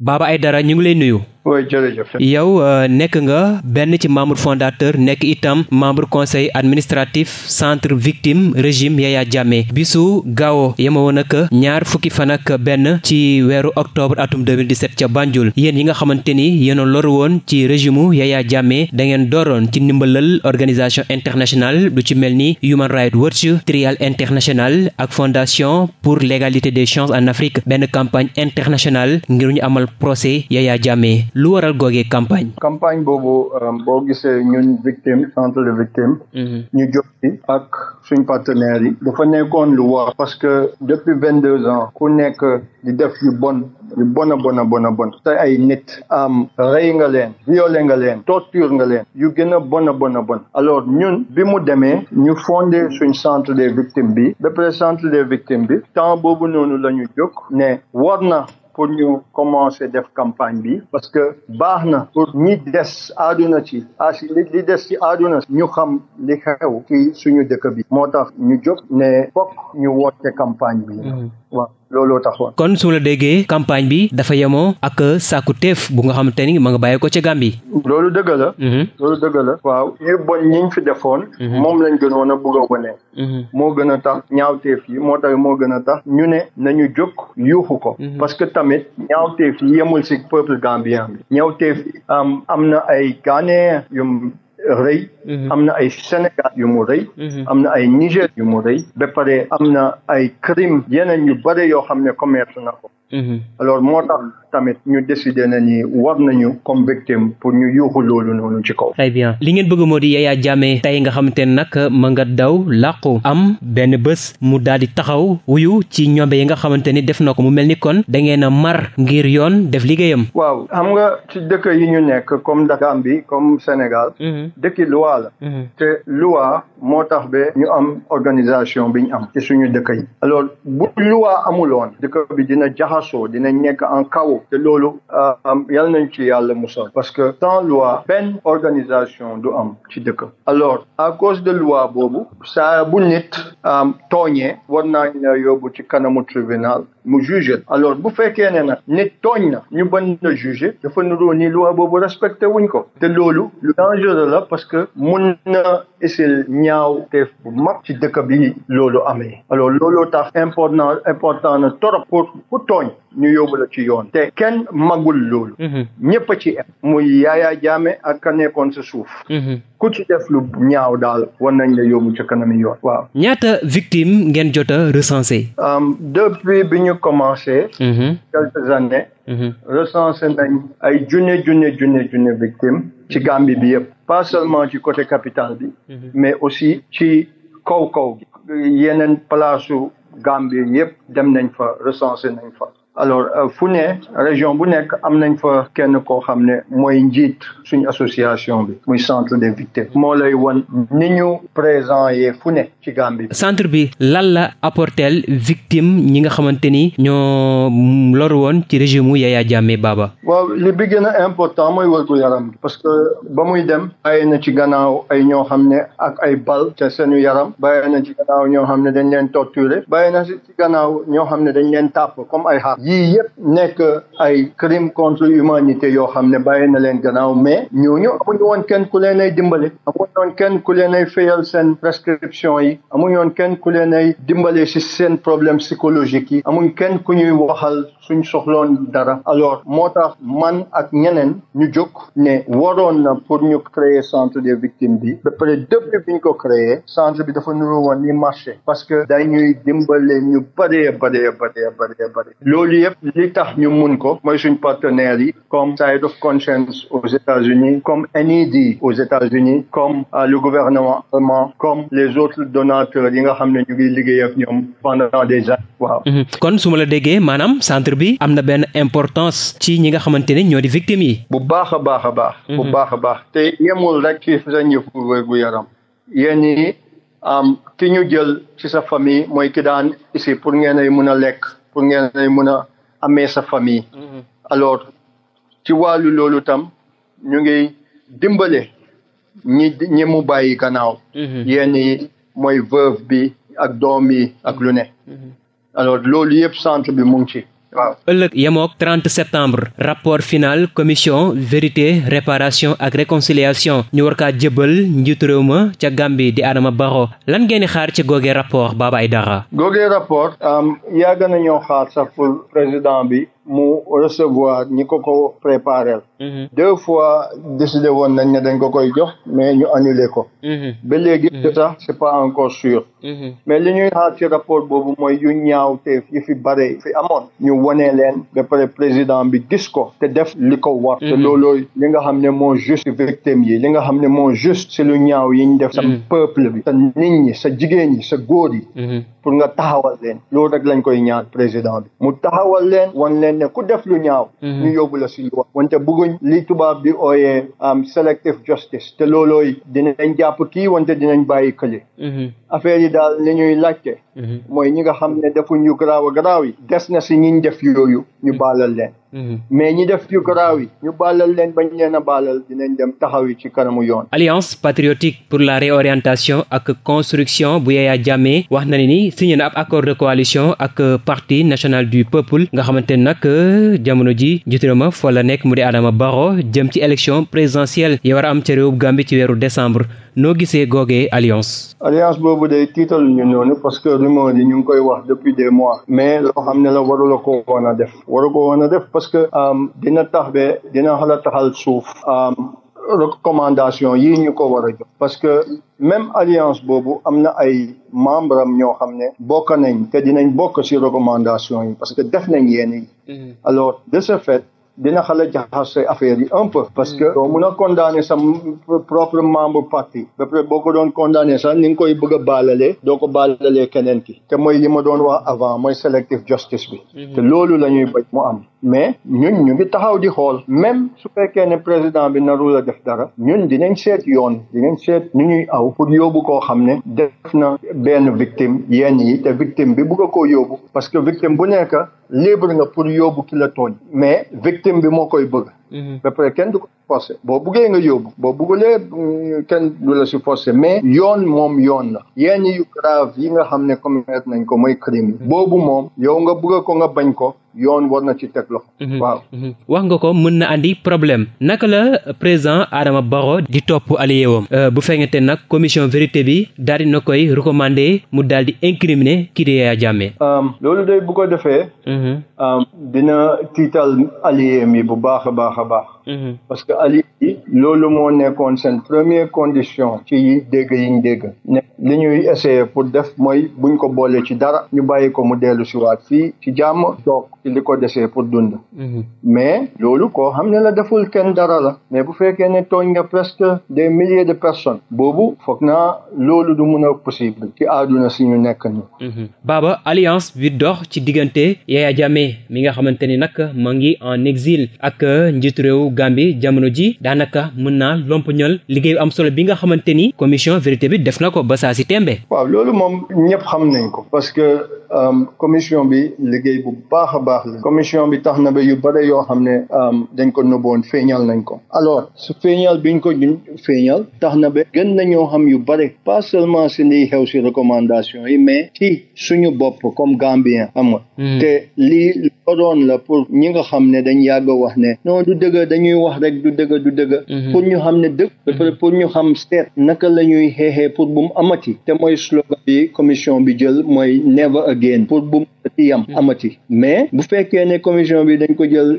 ay dara ñu ngi lay nuyu oui jërëjëf. Euh, nekk nga benn ci membre fondateur nekk itam membre conseil administratif centre victime régime Yaya Jammeh bisu gaawo yema woon ak ñaar fukki fan ak benn ci weeru octobre atum 2017 ca Banjul yéen yi nga xamante ni yéen loru woon ci régime Yaya jàmme da ngeen dooroon ci ndimbalal organisation international lu ci mel ni Human Rights Watch Trial International ak Fondation pour l'égalité des chances en Afrique benn campagne international ngir ñu amal procès Yaya Jammeh lu waral googee campagne. campagne boobu um, boo gisee ñun victime centre de victime. Mhm. ñu jot ci ak suñ partenaires yi. dafa nekkoon lu war. parce que depuis vingt deux ans. ku nekk di def yu bon. yu bon a bon a bon a bon. te ay nit. am rey nga leen. violé nga leen. torture nga leen. yu gën a bon bon a bon. alors ñun bi mu demee. ñu fondé suñ centre des victimes bi. ba pare centre des victimes bi. temps boobu noonu lañu ñu jóg. ne war na. pour ñu commencer def campagne bi parce que baax na pour ñi des aaduna ci asi ah, li des ci aaduna ñu xam li xew ci suñu dëkk bi moo tax ñu jóg ne fokk ñu woote campagne bi mm-hmm. waaw looloo tax kon su ma la déggee campagne bi dafa yemoo ak sàkku teef bu nga xamante ni ma nga bàyyi ko ca Gambie. loolu dëgg la. Mhm. loolu dëgg la. waaw yu bon ñiñ fi defoon. Mhm. moom lañ gënoon a bëgg a wane. Mhm. moo gën a tax ñaawteef yi moo tax moo gën a tax ñu ne nañu jóg yuuxu ko. parce que tamit ñaawteef yi yemul si peuple gambien bi. ñaawteef am am na ay Ghanéens yu rëy mhm. am na ay Sénégal yu mu mhm. am na ay Niger yu mu rëy ba am na ay crime yeneen yu bare yoo xam ne commerce na ko mhm. tamit ñu décider na ni war nañu comme victime pour ñu yuuxu loolu noonu ci kaw. très bien li ngeen bëgg moo di Yaya Jammeh tey nga xamante ne nag ma nga daw làqu am benn bés mu daal di taxaw wuyu ci ñombe yi nga xamante ni def na ko mu mel ni kon da ngeen a mar ngir yoon def liggéeyam. waaw xam nga ci dëkk yi ñu nekk comme bi comme Sénégal. Mhm. dëkki loi la. Mhm. te loi moo tax ba ñu am organisation bi am ci suñu dëkk yi. alors bu loi amuloon dëkk bi dina jaxasoo te loolu euh, yal nañu ci yàlla musal parce que sans loi benn organisation du am ci dëkk alors à cause de loi boobu saa bu nit tooñee war nañ la yóbbu ci kanamu tribunal mu jugé alors bu fekkee ne nag nit tooñ na ñu bañ la jugé dafa nuroo ni loi boobu respecté wuñ ko te loolu lu dangereux la parce que mun na isil ñaaw te bu mag ci dëkk bi loolu amee alors looloo tax important important na trop pour ku tooñ ñu yóbbu la ci yoon te kenn magul loolu mhm. ñëpp ci am muy Yaya Jammeh ak ka nekkoon sa suuf mhm. ku ci def lu ñaaw daal war nañ la yóbbu ci kanami yoon waaw ñaata victime ngeen jota recensé depuis bi ñu ñu commencé. Mm-hmm. quelques années. Mm-hmm. recensé nañ ay june june june junne victime ci mm-hmm. Gambie bi yëpp. pa seulement ci côté capitale bi. mais aussi ci kaw kaw gi. yeneen place su Gambie yëpp dem nañ fa recensé nañ fa. alors euh, fu ne région bu nekk am nañ fa kenn koo xam ne mooy njiit suñ association bi muy centre des victimes moo lay woon ni ñu présent yee fu ne ci gaam bi centre bi lan la apporteel victime ñi nga xamante ni ñoo loru woon ci régime mu Yaya Jammeh Baba waaw li bi gën important mooy wërgu yaram parce que ba muy dem bàyyi na ci gannaaw ay ñoo xam ne ak ay bal te seenu yaram bàyyi na ci gannaaw ñoo xam ne dañ leen torturer bàyyi na ci gannaaw ñoo xam ne dañ leen tàpp comme ay yii yëpp nekk ay crime contre l'humanité yoo xam ne bàyyi na leen gannaaw mais ñooñu amuñu woon kenn ku leen ay dimbale amuñu woon kenn ku leen ay fayal seen prescription yi amu woon kenn ku leen ay dimbale si seen problème psychologique yi amuñ kenn ku ñuy waxal suñ soxloon dara alors moo tax man ak ngeneen ñu jóg ne waroon na pour ñu créer centre des victimes bi ba pare depuis bi ko créer centre bi dafa nuru woon ni marché parce que dañuy dimbale ñu bëree bëree bëree bëree bëri loolu li tax ñu mun ko mooy suñ partenaires yi comme Side of Conscience aux États-Unis comme NED aux États-Unis comme euh, le gouvernement allemand comme les autres donateurs yi nga xam ne ñu ngi liggéey ak ñoom pendant de années waaw. Mhm. kon suma la déggee maanaam centre bi am na benn importance ci ñi nga xamante ni ñoo di victimes yi. bu baax a baax a baax. bu mhm. baax a baax te yemul rek ci sa njëfu wér gu yaram yéen ñi ki ñu jël ci sa famille mooy ki daan ici pour ngeen ay mën a lekk pour ngeen ay mën amee sa famille. Mhm. alors ci wàllu loolu tam ñu ngi dimbale ñi ñi mu bàyyi gannaaw. Mhm. yenn yi mooy veuve bi ak doom yi ak lu ne. Mhm. alors loolu yëpp centre bi mu ci. waaw ëllëg yemook 30 septembre rapport final commission vérité réparation ak réconciliation ñu war kaa jëbal njiitu réew ma ca Gambie di Adama Barrow lan ngeen di xaar ci googee rapport Baba Aidara googee rapport yàgg nañoo xaar sax pour président bi mu recevoir ñi ko ko préparel mm-hmm. deux fois décidé woon nañ ne dañ ko koy jox mais ñu annulé ko mm-hmm. ba léegi mm-hmm. sax c'est pas encore sûr mais li ñuy xaar ci rapport boobu mooy yu ñaaw te yi fi bare fi amoon ñu wone leen ba président bi gis ko te def li ko war te loolooy li nga xam ne moo juste victime yi li nga xam ne moo juste si lu ñaaw yi ñu def sa peuple bi sa nit ñi sa jigéen ñi sa góor yi pour nga taxawal leen loolu rek lañ koy ñaar président bi mu taxawal ne ku def lu ñaaw mhm. ñu yóbbu la si loi wante bëgguñ li tubaab bi ooyee am um, selective justice te loolooy dinañ jàpp kii wante dinañ bàyyi kële mhm. affaire yi daal nañuy ñuy mm-hmm. mooy ñi nga xam ne defuñ yu garaaw a garaaw des na si ñiñ def yooyu ñu mm-hmm. baalal leen. Mm-hmm. mais ñi def yu garaaw yi ñu baalal leen bañ leen a baalal dinañ dem taxaw yi ci kanamu yoon. alliance patriotique pour la réorientation ak construction bu Yaya jàmmee wax na ne ni signé na ab accord coalition ak parti national du peuple nga xamante ne nag jamono ji juturama fa la nekk mu di Adama Barrow jëm ci élection présidentielle yi war a am ca réewum Gambie ci weeru décembre. noo gisee googee alliance. alliance boobu day tiital ñu noonu parce que rumeur yi ñu ngi koy wax depuis des mois. mais loo xam ne la warula ko woon a def. waru ko woon a def parce que. dina tax ba dina xala taxal suuf. recommandation yii ñu ko war a jox parce que même alliance boobu am na ay membre am ñoo xam ne bokk nañ te dinañ bokk si recommandation yi parce que def nañ yenn yi mm-hmm. alors de ce fait dina xala jaxase affaire yi un parce que mm. doo mun a condamné sa propre membre parti ba pare boo ko doon condamné sax ni nga koy bëgg a baalalee doo ko baalalee keneen ki te mooy li ma doon wax avant mooy selective justice bi mm-hmm. te loolu la ñuy bañ mu am mais ñu ñu ngi taxaw di xool même su fekkee ne président bi naru la def dara ñun dinañ seet yoon dinañ seet ñu ñu aw pour yóbbu koo xam ne def na benn victime yenn yi te victime bi bëgg koo yóbbu parce que victime bu nekk libre nga pour yóbbu ki la tooñ mais victime bi moo koy bëgg mhm. ba kenn du forcé boo buggee nga yóbbu boo buggulee mm, kenn du la si forcé mais yoon moom yoon la yenn yu grave yi nga xam ne commettre nañ ko mooy crime yi boobu moom yow nga bugg ko nga bañ ko yoon war na ci teg loxo mhm. waaw mhm. wax nga ko mën na andi problème naka la président Adama Barrow di topp allié wam euh, bu fekkente nag commission vérité bi daal di na koy recommander mu daal di incriminer kii di Yaya Jammeh um, loolu day bu defee mhm. um, dina tiital allié mi bu baax a baax a baax Mhm. parce que ali loolu moo nekkoon seen première condition ci dégg yiñ dégg ne li ñuy essayer pour def mooy buñ ko boole ci dara ñu bàyyi ko mu dellu si waat fii ci jàmm toog ci li ko desee pour dund mhm. mais loolu koo xam ne la deful kenn dara la mais bu fekkee ne tooñ nga presque des milliers de personnes boobu foog naa loolu du mun a possible ci aaduna si ñu nekk nii mhm. Baba alliance bi dox ci diggante Yaya Jammeh mi nga xamante ni nag ma ngi en exil ak euh, njiitu réewu Gambie jamono ji daanaka mën naa lompoñal liggéey am solo bi nga xamante ni commission vérité bi def ko ba saa si loolu moom ñëpp xam nañ ko parce que um, commission bi liggéey bu baax a baax la commission bi tax na ba yu bare yoo xam ne um, dañ ko nëbboon feeñal nañ ko alors su feeñal biñ ko feeñal tax na ba gën nañoo xam yu bare pas seulement si liy xew si recommandation yi mais ki suñu bopp comme Gambien xam nga hmm. te lii doon la pour ñi nga xam ne dañ yàgg wax ne non du dëgg dañuy wax rek du du dëgg mhm. pour ñu xam ne dëgg mhm. pour ñu xam seet naka la ñuy xeexee pour bu mu amati te mooy slogan bi commission bi jël mooy never again da ci yam amati mais bu fekkee ne commission bi dañ ko jël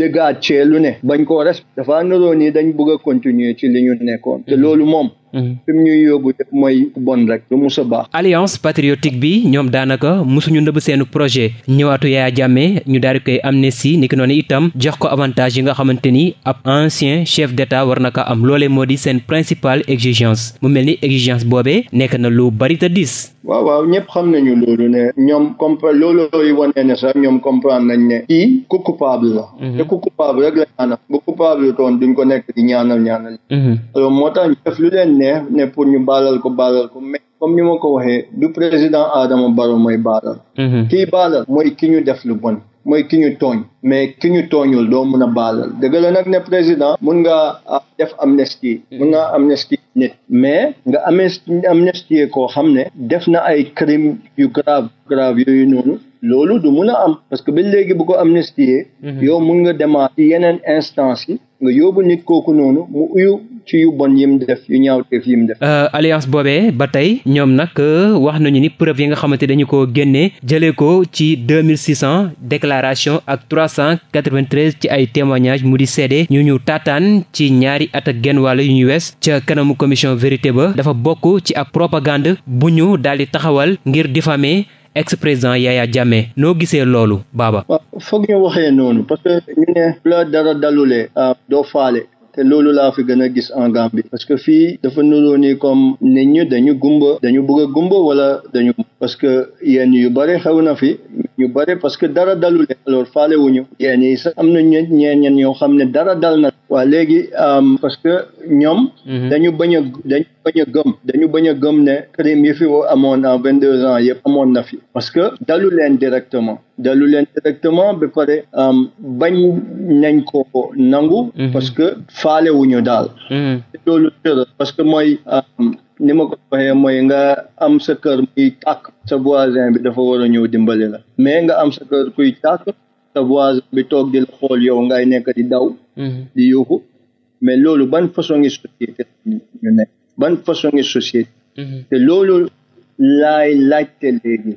dégaat cee lu ne bañ koo res dafa naroo nii dañ bëgg a continuer ci li ñu nekkoon te hmm. loolu moom hmm. fi mu ñuy def mooy bon rek lu mus a baax alliance patriotique bi ñoom daanaka musuñu ndëbb seenu projet ñëwaatu Yaya Jammeh ñu daal di koy amnistie ni ki noonu itam jox ko avantage yi nga xamante ni ab ancien chef d'état war na am loole moo di seen principale exigence mu mel ni exigence boobee nekk na lu bari comprendre loolooy wanee ne sax ñoom comprendre nañ ne kii ku coupable la mhm. te ku coupable rek la ñaanal bu coupable toon duñ ko nekk di ñaanal ñaanal mhm. alors moo tax ñu def lu leen ne pour ñu baalal ko baalal ko mais comme ni ma ko waxee du président Adama Barrow mooy baalal mhm. kii baalal mooy ki ñu def lu bon mooy ki ñu tooñ mais ki ñu tooñul doo mun a baalal dëgg la nag ne président mun nga ah, def amnistie mun nga amnistie nit mais nga amnistie koo xam ne def na ay crime yu grave yu yooyu noonu loolu du mun a am parce que ba léegi bu ko amnistie mhm. yow mun nga demaat yeneen instance yi nga yóbbu nit kooku noonu mu uyu ci yu bon yim def yu ñaawteef yim def. Euh, alliance boobee ba tey ñoom nag euh, wax nañu ni preuve yi nga xamante dañu ko génnee jëlee ko ci deux mille six cent déclaration ak trois cent quatre ci ay témoignages mu di seede ñu ñu taataan ci ñaari at ak genn wàll yu ñu wees ca kanamu commission vérité ba dafa bokk ci ab propagande bu ñu daal di taxawal ngir diffamer. ex président Yaya Jammeh noo gisee loolu baaba. foog ñu waxee noonu parce ñu ne. la dara dalulee. Euh, doo faale. te loolu laa fi gën a gis en Gambie parce que fii dafa nuroo ni comme nit ñi dañu gumba dañu bëgg a gumba wala dañu parce que yen yu bare xew na fii ñu bëri parce que dara dalu leen alors faale wuñu yéen ñi sax am na ñeen ñeen ñoo xam ne dara dal na waa léegi parce que ñoom mhm. dañu bañ a dañu bañ a gëm dañu bañ a gëm ne crime yi fi amoon en vingt deux ans yëpp amoon na fi parce que dalu leen directement dalu leen directement ba pare bañ nañ ko nangu mhm. parce que faale daal mhm. parce que mooy ni ma ko mooy nga am sa kër muy tàkk sa voisin bi dafa war a ñëw dimbali la mais nga am sa kër kuy takk sa voisin bi toog di la xool yow ngay nekk di daw mhm. di yuuxu mais loolu ban façon ngi société ñu nekk ban façon ngi société mhm. te loolu laay laajte léegi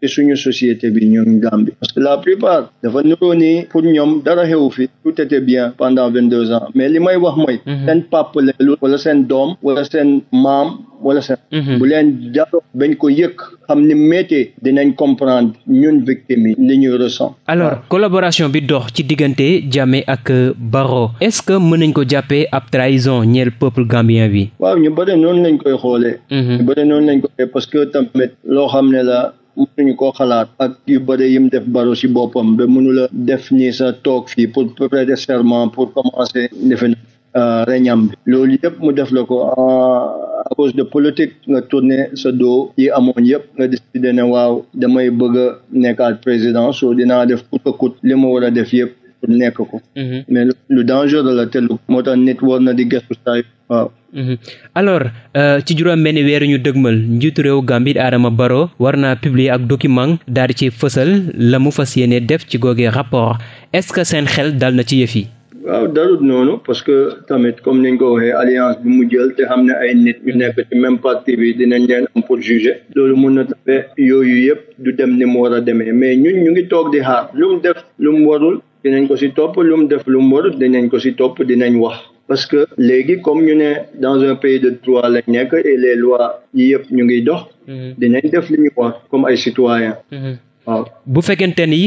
ci suñu société bi ñun Gambie parce que la plupart dafa nuroo ni pour ñoom dara xewu fi tout était bien pendant ans mais li may wax mooy mhm. seen pàpp la wala seen doom wala seen maam wala seen mhm. bu leen jaroo bañ ko yëkk xam ni métier dinañ comprendre ñun victime yi li ñuy ressent alors collaboration bi dox ci diggante Jammeh ak euh, Barrow est-ce que mën nañ ko jàppee ab trahison ñeel peuple gambien bi waaw ñu bëri noonu lañ koy xoolee mhm. ñu bëri noonu lañ koy parce mënuñu koo xalaat ak yu bëri yim def baro si boppam ba mënula def nii sa toog fii pour prêter serment pour commencer defe na euh, reñam bi loolu yëpp mu def la ko euh, à cause de politique nga tourné sa doo yi amoon yëpp nga décidé ne waaw damay bëgg a nekkaat président soo dinaa def kut a kut li ma war a def yëpp nekk ko mhm. lu dangereux la te moo tax nit na di gëstu saa waaw hum alors euh, ci juróom-benni weeru ñu dëgmal njiitu réew Gambie Adama baro war naa publier ak document daal di ci fësal la mu fas yéene def ci googee rapport est-ce que seen xel dal na ci yëf yi. waaw dalut noonu parce que tamit comme niñ ko waxee alliance bi mu jël te xam ne ay nit ñu nekk ci même parti bi dinañ leen am pour juger loolu mun na tafe yooyu yëpp du dem ni mu war a demee mais ñu ñu ngi toog di xaar lu mu def lu mu warul dinañ ko si topp lu mu def lu mu warul ko si topp dinañ wax. parce que léegi comme ñu ne dans un pays de droit lañ nekk et les lois yi yëpp ñu ngi dox mhm. dinañ def li ñu wax comme ay citoyen mhm. waaw bu fekkente ni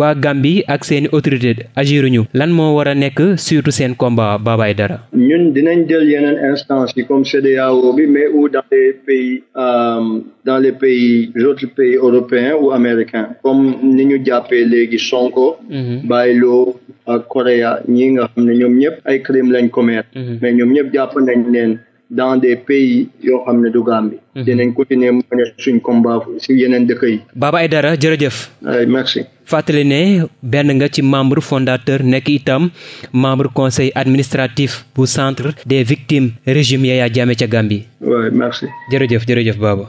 waa Gambie ak seeni autorité agiruñu lan moo war a nekk surtout seen combat Baba dara ñun dinañ jël yeneen instance yi comme CEDEAO bi mais ou dans les pays euh, dans les pays autres pays européens ou américains comme ni ñu jàppee léegi Sonko mhm. bàyyiloo ak Corée ñi nga xam ne ñoom ñëpp ay crime lañ commettre mhm. mais ñoom ñëpp jàpp nañ leen dans des pays yoo xam ne du Gambie mhm. dinañ continuer mu ne suñ combat si yeneen dëkk yi Baba dara jërëjëf euh, merci fàttali ne benn nga ci membre fondateur nekk itam membre conseil administratif bu centre des victimes régime Yaya Jammeh ca Gambie merci jërëjëf jërëjëf Baba